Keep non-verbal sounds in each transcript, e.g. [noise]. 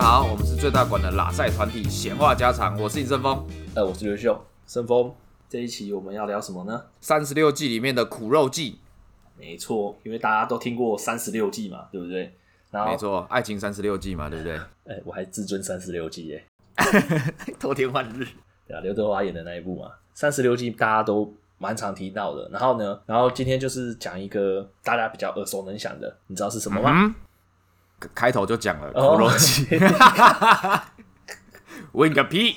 大家好，我們是最大館的喇賽團體閒話家常，我是李聖峰，呃，我是劉秀。聖峰，這一期我們要聊什麼呢？三十六計裡面的苦肉計，沒錯，因為大家都聽過三十六計嘛，對不對？然後，沒錯，愛情三十六計嘛，對不對？哎、欸，我還至尊三十六計耶，偷 [laughs] 天換日，對啊，劉德華演的那一部嘛，三十六計大家都蠻常提到的。然後呢，然後今天就是講一個大家比較耳熟能詳的，你知道是什麼嗎？嗯開頭就講了苦肉計，oh, 基 [laughs] [laughs] 問個屁！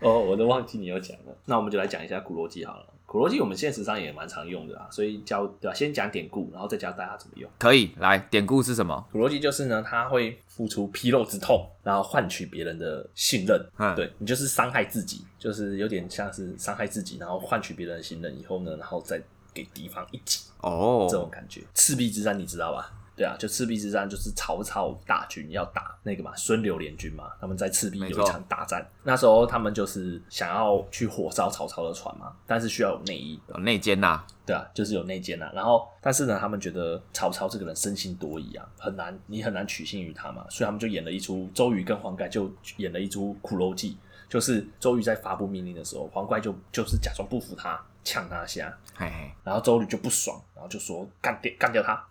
哦，我都忘記你要講了。那我們就來講一下苦肉計好了。苦肉計我們現實上也蠻常用的啊，所以教對吧、啊？先講典故，然後再教大家怎麼用。可以，來，典故是什麼？苦肉計就是呢，他會付出皮肉之痛，然後換取別人的信任。嗯，對，你就是傷害自己，就是有點像是傷害自己，然後換取別人的信任以後呢，然後再給敵方一擊。哦、oh.，這種感覺，赤壁之戰你知道吧？對啊，就赤壁之戰就是曹操大軍要打那個嘛，孫劉聯軍嘛，他們在赤壁有一場大戰。那時候他們就是想要去火燒曹操的船嘛，但是需要有內衣，有、哦、內奸吶、啊。對啊，就是有內奸吶、啊。然後，但是呢，他們覺得曹操這個人生性多疑啊，很難，你很難取信於他嘛，所以他們就演了一出周瑜跟黃蓋就演了一出苦肉計，就是周瑜在發布命令的時候，黃蓋就就是假裝不服他，嗆他一下嘿嘿，然後周瑜就不爽，然後就說幹掉幹掉他。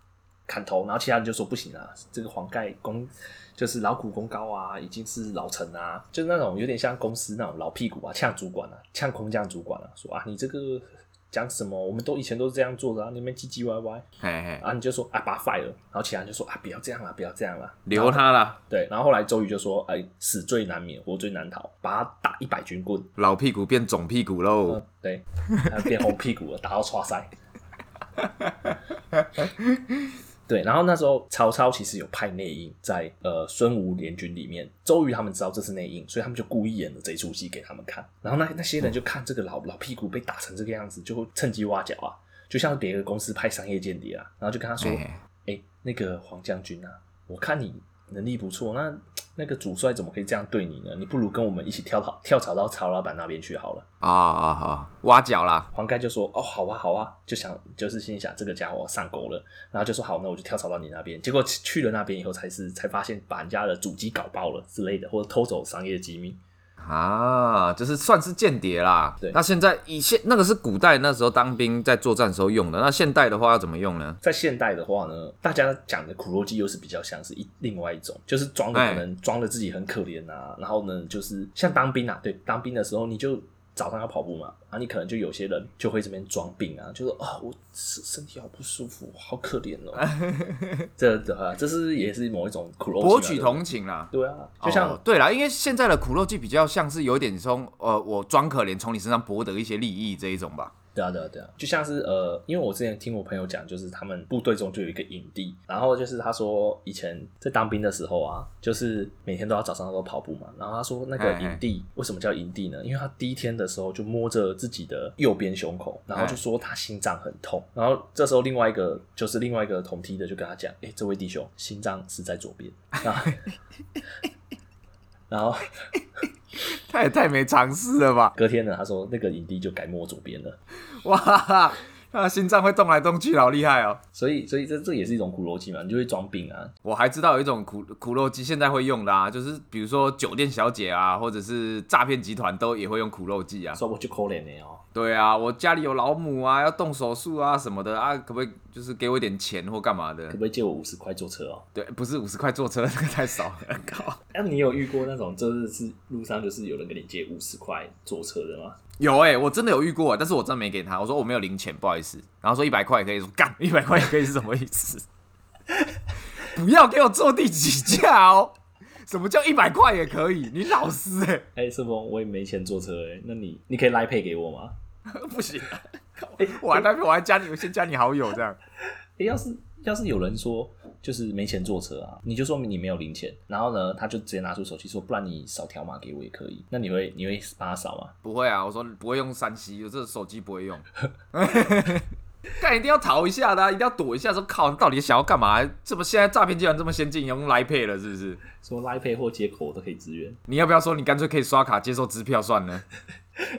砍頭，然後其他人就說不行啊，這個黃蓋功就是勞苦功高啊，已經是老臣啊，就是那種有點像公司那種老屁股啊，嗆主管啊，嗆空降主管啊，說啊你這個講什麼？我們都以前都是這樣做的啊，你們唧唧歪歪嘿嘿，啊你就說啊把他 fire 了。然後其他人就說啊不要這樣了，啊，不要這樣了，啊，留他了，對，然後後來周瑜就說哎死罪難免，活罪難逃，把他打一百軍棍，老屁股變腫屁股嘍，嗯，對，他變紅屁股了。 [laughs] 打到挫賽。 [laughs] 對，然後那時候曹操其實有派內應在呃孫吳聯軍裡面，周瑜他們知道這是內應，所以他們就故意演了這出戲給他們看。然後那那些人就看這個老、嗯、老屁股被打成這個樣子，就會趁機挖角啊，就像別的公司派商業間諜啊，然後就跟他說：“哎、嗯欸，那個黃將軍啊，我看你能力不錯，那……”那個主帥怎麼可以這樣對你呢？你不如跟我們一起跳跳跳槽到曹老板那邊去好了啊。啊、哦哦哦！挖角啦！黃蓋就說：“哦，好啊，好啊！”就想就是心想這個家伙上鈎了，然後就說：“好，那我就跳槽到你那邊。”結果去了那邊以後，才是才發現把人家的主機搞爆了之類的，或者偷走商業機密。啊，就是算是間諜啦。對，那現在以前那個是古代那時候當兵在作戰時候用的，那現代的話要怎麼用呢？在現代的話呢，大家講的苦肉計又是比較像是一另外一種，就是裝的可能裝的自己很可憐啊，然後呢就是像當兵啊，對，當兵的時候你就。早上要跑步嘛？啊，你可能就有些人就會這邊裝病啊，就是啊、哦，我身身體好不舒服，好可憐哦。 [laughs] 這，這是也是某一種苦肉計。博取同情啦、啊。對啊，就像、哦、對啦，因為現在的苦肉計比較像是有點從呃，我裝可憐從你身上博得一些利益這一種吧。對啊對啊對啊，就像是呃，因為我之前聽我朋友講，就是他們部隊中就有一個影帝，然後就是他說以前在當兵的時候啊，就是每天都要早上都跑步嘛，然後他說那個影帝、嗯嗯、為什麼叫影帝呢？因為他第一天的時候就摸着自己的右邊胸口，然後就說他心臟很痛，然後這時候另外一個就是另外一個同梯的就跟他講，誒，這位弟兄心臟是在左邊啊。然後嗯 [laughs] 然後， [laughs] 他也太沒常識了吧！隔天呢，他說那個影帝就改摸左邊了。哇，他的心臟會動來動去，好厲害哦！所以，所以這這也是一種苦肉計嘛，你就會裝病啊。我還知道有一種苦苦肉計，現在會用的啊，就是比如說酒店小姐啊，或者是詐騙集團都也會用苦肉計啊。說我去可憐你哦。對啊，我家裡有老母啊，要動手術啊什麼的啊，可不可以就是給我一點錢或幹嘛的？可不可以借我五十塊坐車哦？對，不是五十塊坐車，這、那個太少了。靠！那、 [laughs] 啊、你有遇過那種就是是路上就是有人給你借五十塊坐車的嗎？有哎、欸，我真的有遇過、欸，但是我真的沒給他，我說我沒有零錢，不好意思。然後說一百塊也可以說，幹一百塊也可以是什麼意思？ [laughs] 不要給我坐地起價哦？ [laughs] 什麼叫一百塊也可以？你老實哎、欸！哎、欸，師傅，我也沒錢坐車哎、欸，那你你可以 Line Pay 給我嗎？ [laughs] 不行，我、欸、還我還加你，我先加你好友這樣。欸、要是要是有人說就是沒錢坐車啊，你就說明你沒有零錢，然後呢，他就直接拿出手機說，不然你掃條碼給我也可以。那你會你會幫他掃嗎？不會啊，我說不會用三 C，這個手機不會用。但 [laughs] [laughs] 一定要逃一下的、啊，一定要躲一下。說靠，到底想要幹嘛、啊？怎麼現在詐騙竟然這麼先進，用 Lipay 了是不是？說 Lipay 或接口都可以支援。你要不要說你乾脆可以刷卡接受支票算了？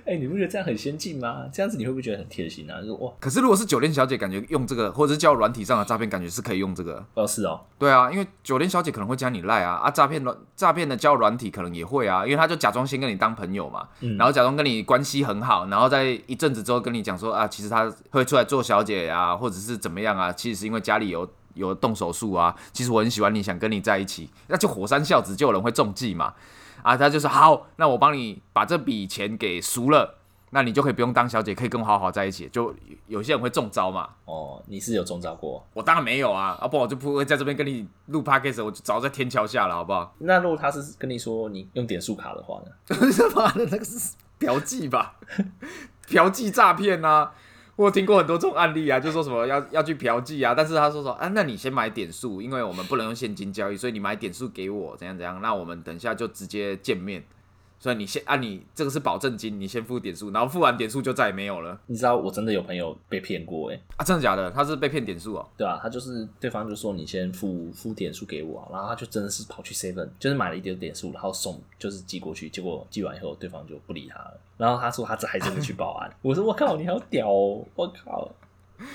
哎、欸，你不覺得這樣很先進嗎？這樣子你會不會覺得很貼心啊、就是？可是如果是酒店小姐，感覺用這個，或者是叫軟體上的詐騙，感覺是可以用這個，不、哦、是哦？對啊，因為酒店小姐可能會加你賴啊，啊，詐騙軟詐騙的叫軟體可能也會啊，因為他就假裝先跟你當朋友嘛，嗯、然後假裝跟你關係很好，然後在一陣子之後跟你講說啊，其實他會出來做小姐啊，或者是怎麼樣啊，其實是因為家裡有有動手術啊，其實我很喜歡你，想跟你在一起，那就火山孝子就有人會中計嘛。啊，他就說好，那我幫你把這筆錢給贖了，那你就可以不用當小姐，可以跟我好好在一起。就有些人會中招嘛。哦，你是有中招過？我當然沒有啊，啊不我就不會在這邊跟你錄 Podcast，我就早在天橋下了，好不好？那如果他是跟你說你用點數卡的話呢？他媽的，那個是嫖妓吧？ [laughs] 嫖妓詐騙吶！我聽過很多這種案例啊，就說什麼要要去嫖妓啊，但是他說什麼啊，那你先買點數，因為我們不能用現金交易，所以你買點數給我，怎樣怎樣，那我們等一下就直接見面。所以你先啊，你這個是保證金，你先付點數，然後付完點數就再也沒有了。你知道我真的有朋友被騙過誒、欸，啊，真的假的？他是被騙點數哦，對吧、啊？他就是對方就說你先付付點數給我，然後他就真的是跑去 seven，就是買了一點點數，然後送就是寄過去，結果寄完以後對方就不理他了。然後他說他這還真的去報案， [laughs] 我說我靠，你好屌哦，我靠。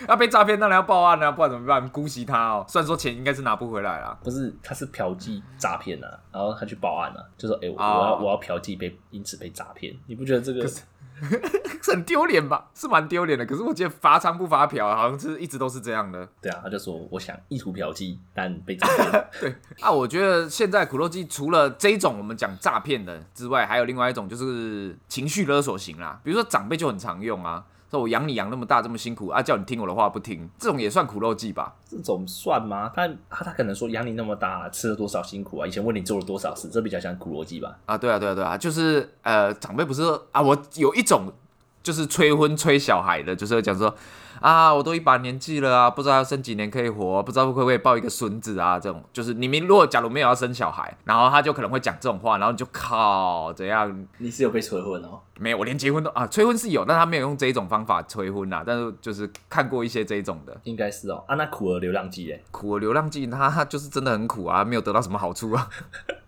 要被詐騙，當然要報案啊？不然怎麼辦？姑息他哦。雖然說錢應該是拿不回來啦，不是？他是嫖妓詐騙吶，然後他去報案了，就說：“哎，、欸哦，我要我要嫖妓被因此被詐騙。”你不覺得這個是是很丟臉吧？是蠻丟臉的。可是我覺得罰娼不罰嫖，好像是一直都是這樣的。對啊，他就說：“我想意圖嫖妓，但被詐騙。 [laughs] 對”對啊，我覺得現在苦肉計除了這種我們講詐騙的之外，還有另外一種就是情緒勒索型啦，比如說長輩就很常用啊。說我養你養那麼大這麼辛苦啊，叫你聽我的話不聽，這種也算苦肉計吧？這種算嗎？他他、啊、他可能說養你那麼大吃了多少辛苦啊？以前問你做了多少事，這比較像苦肉計吧？啊，對啊對啊對啊，就是呃長輩不是說啊，我有一種就是催婚催小孩的，就是講說。啊，我都一把年紀了啊，不知道要生幾年可以活，啊，不知道會不會抱一個孫子啊？這種就是你們如果假如沒有要生小孩，然後他就可能會講這種話，然後你就靠怎樣？你是有被催婚哦？沒有，我連結婚都啊，催婚是有，但他沒有用這一種方法催婚吶，啊，但是就是看過一些這一種的，應該是哦。啊，那苦兒流浪記哎，苦兒流浪記他就是真的很苦啊，沒有得到什麼好處啊。 [laughs]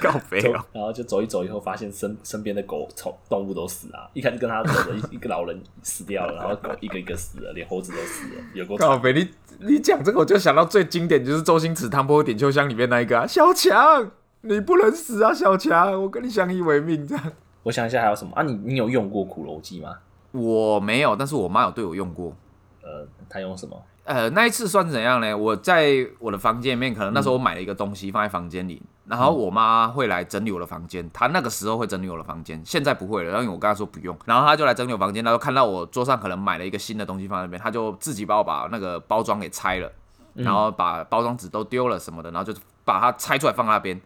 告別、喔、然後就走一走，以後發現身身邊的狗、寵動物都死了。一開始跟他走的 [laughs] 一,一個老人死掉了，然後狗一個一個死了，連猴子都死了。有過告別，你你講這個，我就想到最經典就是周星馳《唐伯虎點秋香》裡面那一個啊，小強，你不能死啊，小強，我跟你相依為命。這樣，我想一下還有什麼啊你？你你有用過苦肉計嗎？我沒有，但是我媽有對我用過。呃，他用什麼？呃，那一次算怎樣呢？我在我的房間裡面，可能那時候我買了一個東西放在房間裡、嗯，然後我媽會來整理我的房間，她那個時候會整理我的房間，現在不會了，因為我跟她說不用，然後她就來整理我房間，她就看到我桌上可能買了一個新的東西放在那邊，她就自己幫我把那個包裝給拆了、嗯，然後把包裝紙都丟了什麼的，然後就把它拆出來放那邊。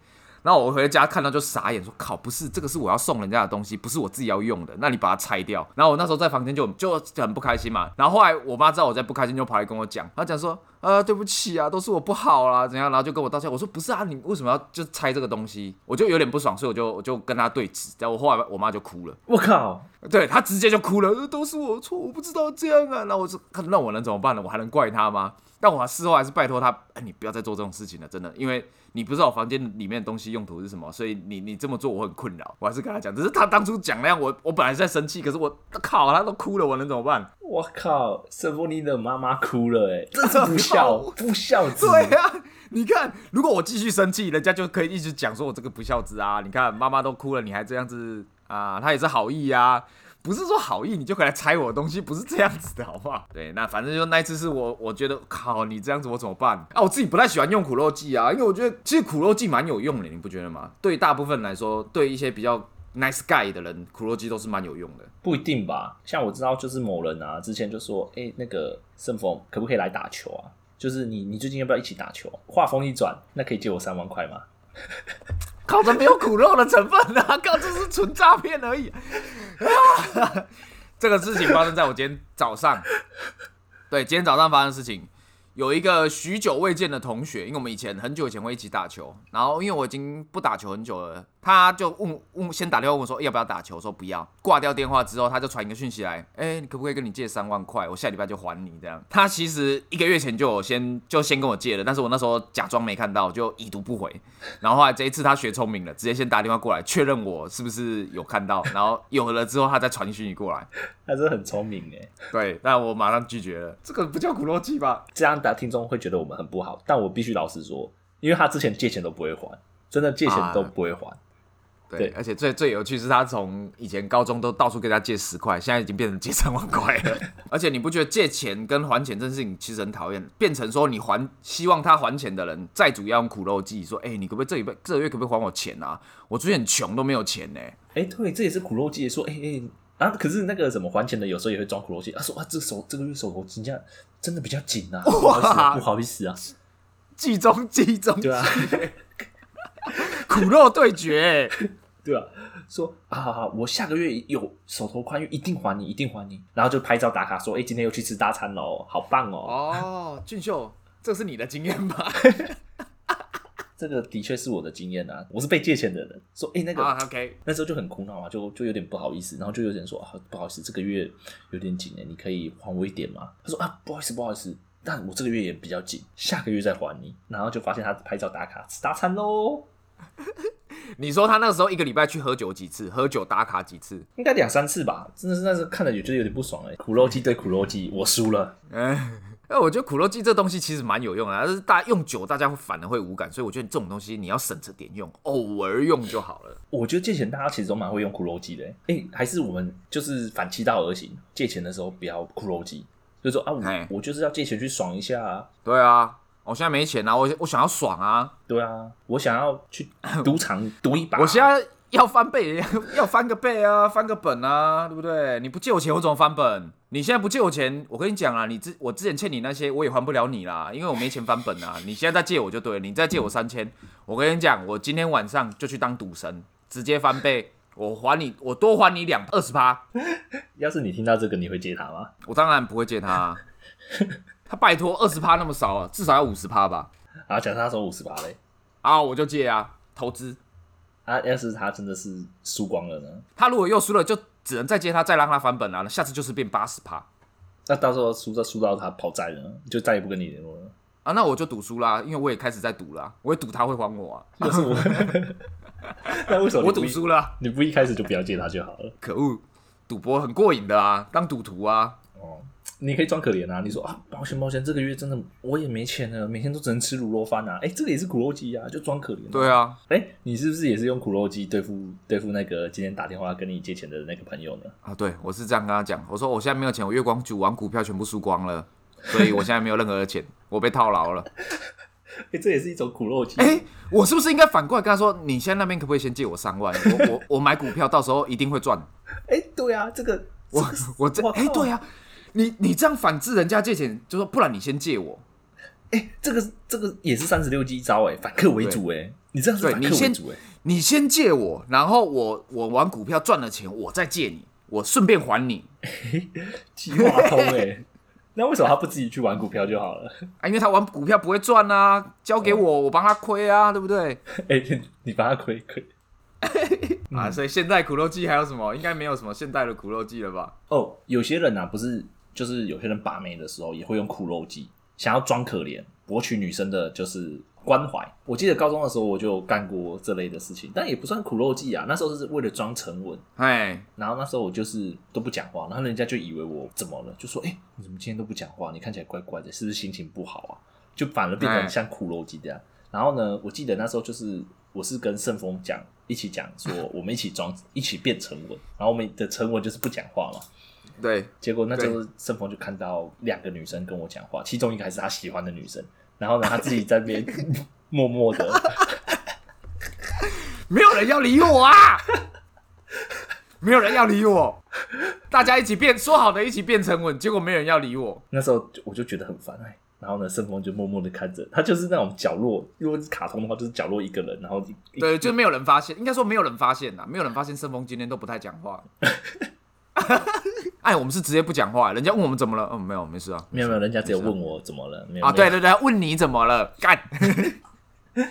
然後我回家看到就傻眼說，說靠，不是這個是我要送人家的東西，不是我自己要用的，那你把它拆掉。然後我那時候在房間就就很不開心嘛。然後後來我媽知道我在不開心，就跑來跟我講，她講說。啊、呃，對不起啊，都是我不好啦、啊，怎樣？然後就跟我道歉。我說不是啊，你為什麼要就拆這個東西？我就有點不爽，所以我就我就跟他對峙。然後我後來我媽就哭了。我靠，對他直接就哭了，都是我錯，我不知道這樣啊。然後我說那我能怎麼辦呢？我還能怪他嗎？但我事後還是拜托他，哎、欸，你不要再做這種事情了，真的，因為你不知道我房間裡面的東西用途是什麼，所以你你這麼做我很困擾。我還是跟他講，只是他當初講那樣，我我本來是在生氣，可是我靠、啊，他都哭了，我能怎麼辦？我靠，聖峰尼的媽媽哭了哎、欸，這是不孝、啊、不孝子。對啊，你看，如果我繼續生氣，人家就可以一直講說我這個不孝子啊。你看媽媽都哭了，你還這樣子啊？他也是好意呀、啊，不是說好意你就可以來拆我的東西，不是這樣子的好不好？對，那反正就那一次是我，我覺得靠，你這樣子我怎麼辦啊？我自己不太喜歡用苦肉計啊，因為我覺得其實苦肉計蠻有用的，你不覺得嗎？對大部分來說，對一些比較。Nice guy 的人，苦肉計都是蠻有用的。不一定吧？像我知道，就是某人啊，之前就說，哎、欸，那個聖峰可不可以來打球啊？就是你，你最近要不要一起打球？畫風一轉，那可以借我三萬塊嗎？靠，這沒有苦肉的成分啊！ [laughs] 靠，這、就是純詐騙而已。 [laughs] [laughs] 這個事情發生在我今天早上。對，今天早上發生的事情，有一個許久未見的同學，因為我們以前很久以前會一起打球，然後因為我已經不打球很久了。他就問問先打電話問我說要不要打球，說不要。掛掉電話之後，他就傳一個訊息來，哎、欸，你可不可以跟你借三萬塊？我下禮拜就還你這樣。他其實一個月前就有先就先跟我借了，但是我那時候假裝沒看到，就已讀不回。然後後來這一次他學聰明了，直接先打電話過來確認我是不是有看到，然後有了之後他再傳訊息過來。他真的很聰明哎，對，那我馬上拒絕了。這個不叫苦肉計吧？這樣聽眾會覺得我們很不好，但我必須老實說，因為他之前借錢都不會還，真的借錢都不會還。啊對，而且最最有趣是他從以前高中都到處給他借十塊，現在已經變成借三萬塊了。 [laughs] 而且你不覺得借錢跟還錢這件事情其實很討厭，變成說你還希望他還錢的人，債主要用苦肉計說：“哎、欸，你可不可以這一月這月可不可以還我錢啊？我最近很窮都沒有錢呢。欸”哎，對，這也是苦肉計，說：“哎、欸、哎、欸、啊！”可是那個什麼還錢的有時候也會裝苦肉計，他、啊、說：“啊，這手、這個手這個月手頭緊張，真的比較緊啊，啊，不好意思啊。”計中計中，對啊。 [laughs] [laughs] 苦肉對決、欸， [laughs] 對啊，說啊好好，我下個月有手頭寬裕，一定還你，一定還你。然後就拍照打卡，說，哎、欸，今天又去吃大餐了，好棒哦、喔。哦、 [laughs] oh,，俊秀，這是你的經驗吧？ [laughs] [laughs] 這個的確是我的經驗啊。我是被借錢的人，說，哎、欸，那個、oh,，OK，那時候就很苦惱嘛，就就有點不好意思。然後就有點說，啊、不好意思，這個月有點緊、欸，你可以還我一點嗎？他說啊，不好意思，不好意思，但我這個月也比較緊，下個月再還你。然後就發現他拍照打卡吃大餐嘍。 [laughs] 你說他那個時候一個禮拜去喝酒幾次？喝酒打卡幾次？應該兩三次吧。真的是，那時候看着也覺得有點不爽哎、欸。苦肉計對苦肉計，我輸了。哎、欸，那我覺得苦肉計這東西其實蠻有用的、啊，但、就是大家用久，大家會反而會無感，所以我覺得這種東西你要省着點用，偶爾用就好了。我覺得借錢大家其實都蠻會用苦肉計的、欸。哎、欸，還是我們就是反其道而行，借錢的時候不要苦肉計，就是、說啊、欸我，我就是要借錢去爽一下、啊。對啊。我現在沒錢吶、啊，我我想要爽啊！對啊，我想要去賭場賭一把。 [laughs] 我現在要翻倍，要翻個倍啊，翻個本啊，對不對？你不借我錢，我怎麼翻本？你現在不借我錢，我跟你講啊，你之我之前欠你那些，我也還不了你啦，因為我沒錢翻本啊。你現在再借我就對了，你再借我三千，嗯、我跟你講，我今天晚上就去當賭神，直接翻倍，我還你，我多還你兩二十趴。 [laughs] 要是你聽到這個，你會借他嗎？我當然不會借他、啊。 [laughs] 拜託，二十趴那麼少啊，至少要五十趴吧？啊，講他說五十趴嘞，啊，我就借啊，投資。啊，要是他真的是輸光了呢？他如果又輸了，就只能再借他，再讓他翻本啊。下次就是變八十趴。那、啊、到時候輸到輸到他跑債了，就再也不跟你聯絡了。啊，那我就賭輸啦，因為我也開始在賭了，我也賭他會還我啊。那是我 [laughs] 。 [laughs] [laughs] 那為什麼你我賭輸了？你不一開始就不要借他就好了。可惡，賭博很過癮的啊，當賭徒啊。哦。你可以裝可憐啊！你說啊，抱歉抱歉，這個月真的我也沒錢了，每天都只能吃滷肉飯啊！哎、欸，這個也是苦肉計呀、啊，就裝可憐、啊。對啊，哎、欸，你是不是也是用苦肉計對付對付那個今天打電話跟你借錢的那個朋友呢？啊，對我是這樣跟他講，我說我現在沒有錢，我月光煮完股票全部輸光了，所以我現在沒有任何的錢， [laughs] 我被套牢了。哎、 [laughs] 欸，這也是一種苦肉計。哎、欸，我是不是應該反過來跟他說，你現在那邊可不可以先借我三萬？我我，我買股票到時候一定會賺。哎、 [laughs] 欸，對啊，這個我我這哎，對啊。你你這樣反制人家借錢，就說不然你先借我，哎、欸，這個這個也是三十六計一招，哎、欸，反客為主，哎、欸，Okay. 你這樣子反客為主，哎、欸，你先借我，然後我我玩股票賺了錢，我再借你，我順便還你，計劃通哎，欸、 [laughs] 那為什麼他不自己去玩股票就好了啊？因為他玩股票不會賺啊，交給我，我幫他虧啊，對不對？哎、欸，你幫他虧虧，虧 [laughs] 啊、嗯，所以現代苦肉計還有什麼？應該沒有什麼現代的苦肉計了吧？哦、oh,，有些人啊，不是。就是有些人把妹的時候也會用苦肉計，想要裝可憐，博取女生的，就是關懷。我記得高中的時候我就幹過這類的事情，但也不算苦肉計啊。那時候就是為了裝沉穩，哎、hey.，然後那時候我就是都不講話，然後人家就以為我怎麼了，就說：“哎、欸，你怎麼今天都不講話？你看起來怪怪的，是不是心情不好啊？”就反而變成像苦肉計這樣。Hey. 然後呢，我記得那時候就是我是跟聖峰講，一起講說我們一起裝， [laughs] 一起變沉穩，然後我們的沉穩就是不講話嘛。對，結果那就是聖峰就看到兩個女生跟我講話，其中一個還是他喜歡的女生。然後呢，他自己在那邊默默的 [laughs] [laughs] 沒有人要理我啊，沒有人要理我。大家一起變，說好的一起變沉穩，結果沒有人要理我。那時候我就覺得很煩，哎。然後呢，聖峰就默默的看着，他就是那種角落。如果是卡通的話，就是角落一個人。然後對，就是沒有人發現，應該說沒有人發現吶，沒有人發現聖峰今天都不太講話。 [laughs] [laughs] 哎，我們是直接不講話，人家問我們怎麼了？嗯、哦，沒有，沒事啊。沒有沒有，人家直接問我怎麼了？沒，啊沒有啊沒有？對對對，問你怎麼了？幹。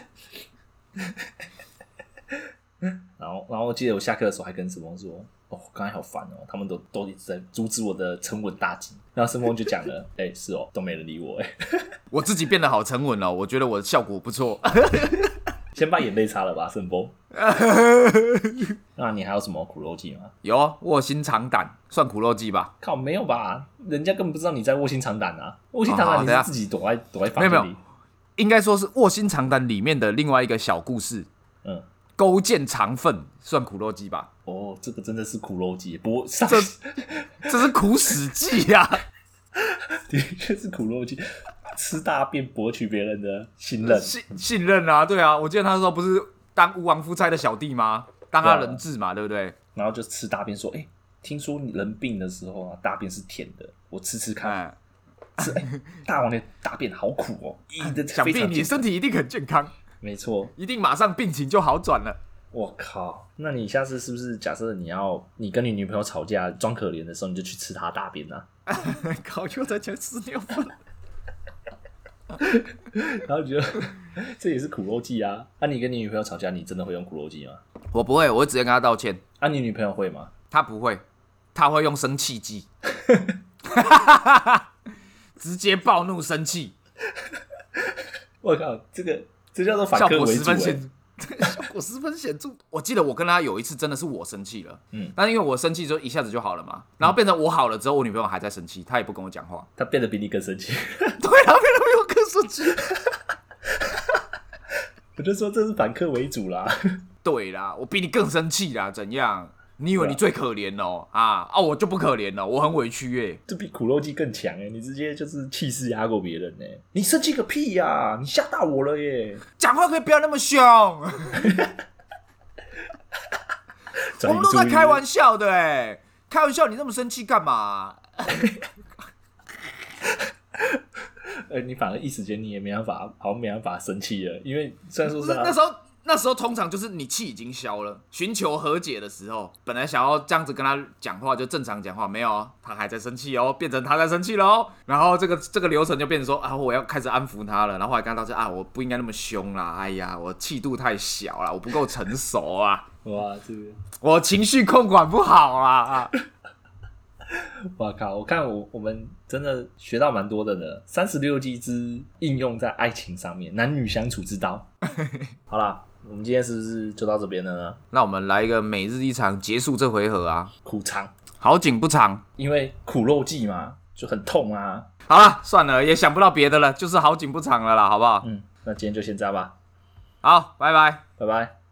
[laughs] 然後然後，我記得我下課的時候還跟聖峰說：“哦，剛才好煩哦，他們都，都一直在阻止我的沉穩大計。”然後聖峰就講了：“哎、 [laughs] 欸，是哦，都沒人理我，哎， [laughs] 我自己變得好沉穩哦，我覺得我的效果不錯。 [laughs] ”先把眼淚擦了吧，聖峰。 [laughs] 那你還有什麼苦肉計嗎？有臥薪嘗膽，算苦肉計吧？靠，沒有吧？人家根本不知道你在臥薪嘗膽啊！臥薪嘗膽你是自己躲在、哦、躲在房間裡。沒有，沒有，應該說是臥薪嘗膽裡面的另外一個小故事。嗯，勾踐嘗糞，算苦肉計吧？哦，這個真的是苦肉計，不過這這是苦死計呀、啊， [laughs] 的確是苦肉計。吃大便博取別人的信任，嗯、信信任啊，對啊。我記得那的時候不是當吳王夫差的小弟嗎？當他人質嘛，對不對？然後就吃大便，說：“哎、欸，聽說你人病的時候啊，大便是甜的，我吃吃看。啊吃欸啊”大王的大便好苦哦、欸啊！想必你身體一定很健康。沒錯，一定馬上病情就好轉了。我靠！那你下次是不是假設你要你跟你女朋友吵架裝可憐的時候，你就去吃她大便呢、啊啊？考在才十六分。 [laughs] [laughs] 然後你覺得這也是苦肉計啊！那、啊、你跟你女朋友吵架，你真的會用苦肉計嗎？我不會，我會直接跟她道歉。那、啊、你女朋友會嗎？她不會，她會用生氣計， [laughs] [laughs] 直接暴怒生氣。我 [laughs] 靠，這個這叫做法科效果十分顯著、欸，效果十分顯著。 [laughs] 我記得我跟她有一次真的是我生氣了，嗯，但因為我生氣之後一下子就好了嘛。然後變成我好了之後，我女朋友還在生氣，她也不跟我講話，她、嗯、變得比你更生氣， [laughs] [laughs] 對、啊，她變得。 [laughs] 我就說這是反客為主啦， [laughs] 對啦，我比你更生氣啦，怎樣？你以為你最可憐哦？啊啊，我就不可憐了，我很委屈耶。這比苦肉計更強哎，你直接就是氣勢壓過別人哎。你生氣個屁呀！你嚇到我了耶！講話可以不要那麼凶。 [laughs] [laughs] [laughs] 我們都在開玩笑的，開玩笑，你那麼生氣幹嘛？ [laughs] [laughs] 哎、欸，你反而一時間你也沒辦法，好像沒辦法生氣了，因為雖然說是……是那時候，那時候通常就是你氣已經消了，尋求和解的時候，本來想要這樣子跟他講話，就正常講話，沒有，他還在生氣哦，變成他在生氣嘍，然後這個這個流程就變成說，啊，我要開始安撫他了，然後後來看到說，啊，我不應該那麼兇啦，哎呀，我氣度太小了，我不夠成熟啊， [laughs] 哇，這個我情緒控管不好啊。 [laughs] 我靠！我看我我們真的學到蠻多的呢。三十六計之應用在愛情上面，男女相處之道。 [laughs] 好啦，我們今天是不是就到這邊了呢？那我們來一個每日一場，結束這回合啊！苦長，好景不長，因為苦肉計嘛，就很痛啊。好啦，算了，也想不到別的了，就是好景不長了啦，好不好？嗯，那今天就先這樣吧。好，拜拜，拜拜。